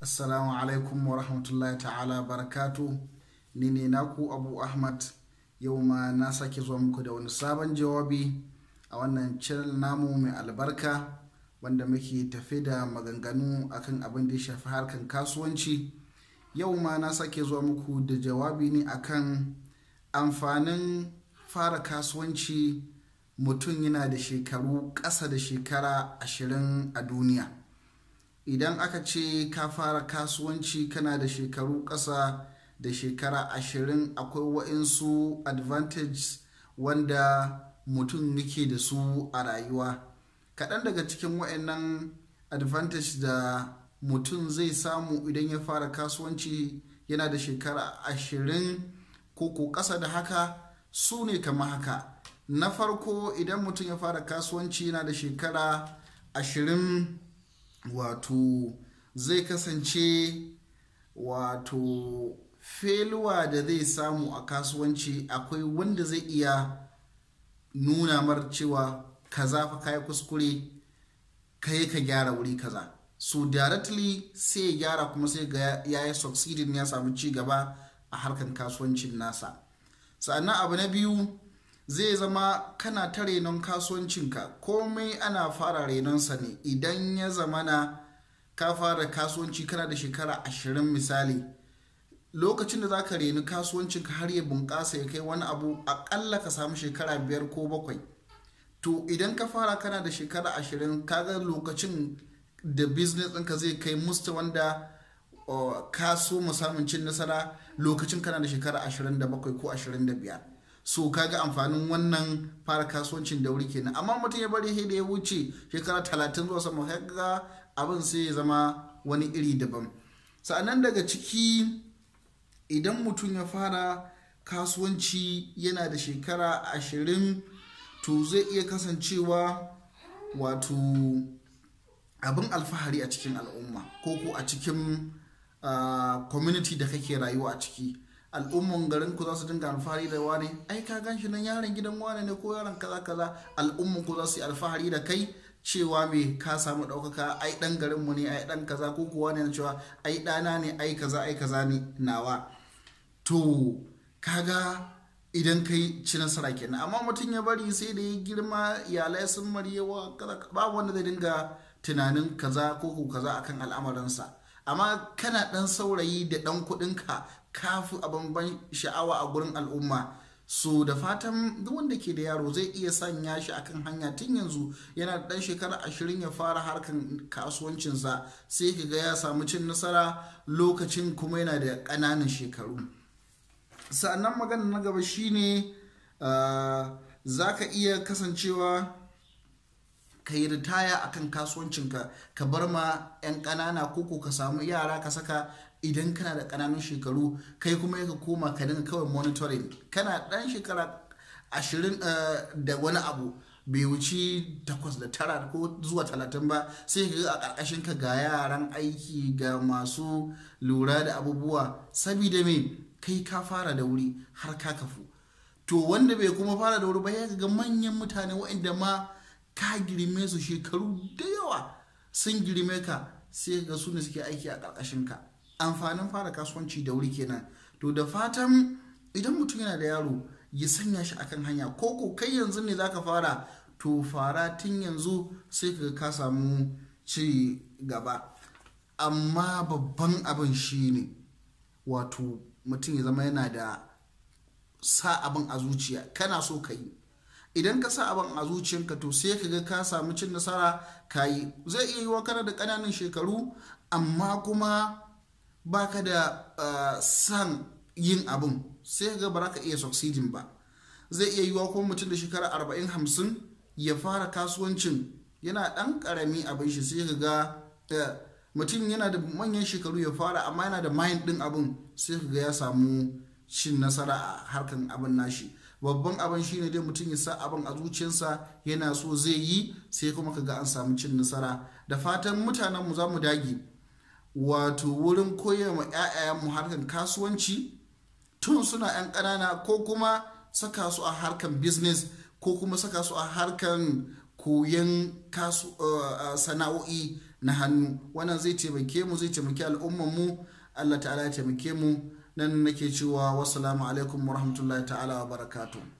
assalamu alaikum wa rahmatullahi ta'ala barakatu ni ne naku abu ahmad yau ma na sake zuwa muku da wani sabon jawabi a wannan channel namu mai albarka wanda muke tafi da maganganu akan abin da ya shafi harkan kasuwanci yau ma na sake zuwa muku da jawabi ne akan amfanin fara kasuwanci mutum yana da shekaru ƙasa da shekara ashirin a duniya idan aka ce ka fara kasuwanci kana da shekaru ƙasa da shekara ashirin akwai wa'insu advantage wanda mutum yake da su a rayuwa kaɗan daga cikin wa'annan advantage da mutum zai samu idan ya fara kasuwanci yana da shekara ashirin ko ko ƙasa da haka su ne kama haka na farko idan mutum ya fara kasuwanci yana da shekara ashirin wato zai kasance wato feluwa da zai samu a kasuwanci akwai wanda zai iya nuna mar cewa kaza fa kayi kuskure ka yi ka gyara wuri kaza so directly sai ya gyara kuma sai ga ya yi succeeding ya samu ci gaba a harkar kasuwancin nasa sa'annan abu na biyu zai zama kana ta renon kasuwancinka komai ana fara renonsa ne idan ya zamana ka fara kasuwanci kana da shekara ashirin misali lokacin da za ka reni kasuwancinka har ya bunƙasa ya kai wani abu aƙalla ka samu shekara biyar ko bakwai to idan ka fara kana da shekara ashirin kaga lokacin da business ɗinka zai kai musta wanda uh, ka so samun cin nasara lokacin kana da shekara ashirin da bakwai ko ashirin da biyar so kaga amfanin wannan fara kasuwancin da wuri kenan amma mutum ya bari da ya wuce shekara talatin zuwa sama haka abin sai ya zama wani iri daban sa'annan daga ciki idan mutum ya fara kasuwanci yana da shekara ashirin to zai iya kasancewa wato abin alfahari a cikin al'umma ko ko a cikin ah, community da kake rayuwa a ciki al'umman garin ku za su dinga alfahari da wane ai ka gan shi nan yaron gidan wane ne ko yaron kaza kaza al'umman ku za su yi alfahari da kai cewa me ka samu ɗaukaka ai ɗan garin mu ne ai ɗan kaza ko kuwa ne cewa ai ɗana ne ai kaza ai kaza ne nawa to kaga idan kai ci nasara kenan amma mutum ya bari sai da ya girma iyalai sun maryewa kaza ba wanda zai dinga tunanin kaza ko kaza akan al'amarinsa amma kana dan saurayi da ɗan kudinka kafu a bamban sha'awa a gurin al'umma so da fatan duk wanda ke da yaro zai iya sanya shi akan hanya tun yanzu yana da dan shekara ashirin ya fara harkan kasuwancinsa sai ka ga ya samu cin nasara lokacin kuma yana da ƙananan shekaru sa'annan magana na gaba shine ah, za ka iya kasancewa ka yi ritaya a kan kasuwancinka ka bar ma 'yan ƙanana koko ka samu yara ka saka idan kana da ƙananan shekaru kai kuma ka koma ka dinga kawai monitoring kana ɗan shekara ashirin eh, da wani abu bai wuci takwas da tara ko zuwa talatin ba sai ka a ƙarƙashin ka ga yaran aiki ga masu lura da abubuwa sabida me kai ka fara da wuri har ka kafu to wanda bai kuma fara da wuri ba ya ga manyan mutane waɗanda ma ka girme su shekaru da yawa sun girme ka sai ga su ne suke aiki a ƙarƙashin ka amfanin fara kasuwanci da wuri kenan to da fatan idan mutum yana da yaro ya sanya shi akan hanya ko ko kai yanzu ne zaka fara to fara tun yanzu sai ka ka samu ci gaba amma babban abin shi ne, wato mutum ya zama yana da sa abin a zuciya kana so ka yi idan ka sa abin a zuciyarka to sai ka ga ka samu cin nasara ka yi zai iya yi kana da kananan shekaru amma kuma baka da ah, san yin abin sai ka ga ba ka iya succeedin ba zai iya yiwa kuma mutum da shekara 40-50 ya fara kasuwancin yana ɗan ƙarami abin shi sai ga eh, mutum yana da manyan shekaru ya fara amma yana da mind ɗin abin sai ga ya samu cin nasara a harkan abin nashi babban abin shine dai mutum ya sa abin a zuciyarsa yana so zai yi sai kuma ka ga an samu cin nasara da fatan mutanenmu za mu dage wato wurin koyarwa 'ya'yanmu harkar kasuwanci tun suna 'yan ƙanana ko kuma saka su a harkar business ko kuma saka su a harkar koyan eh, eh, sana'o'i na hannu wannan zai taimake mu zai taimake al'ummar mu allah ta'ala ya taimake mu nan nake cewa wasu alaikum rahmatullahi ta'ala wa barakatun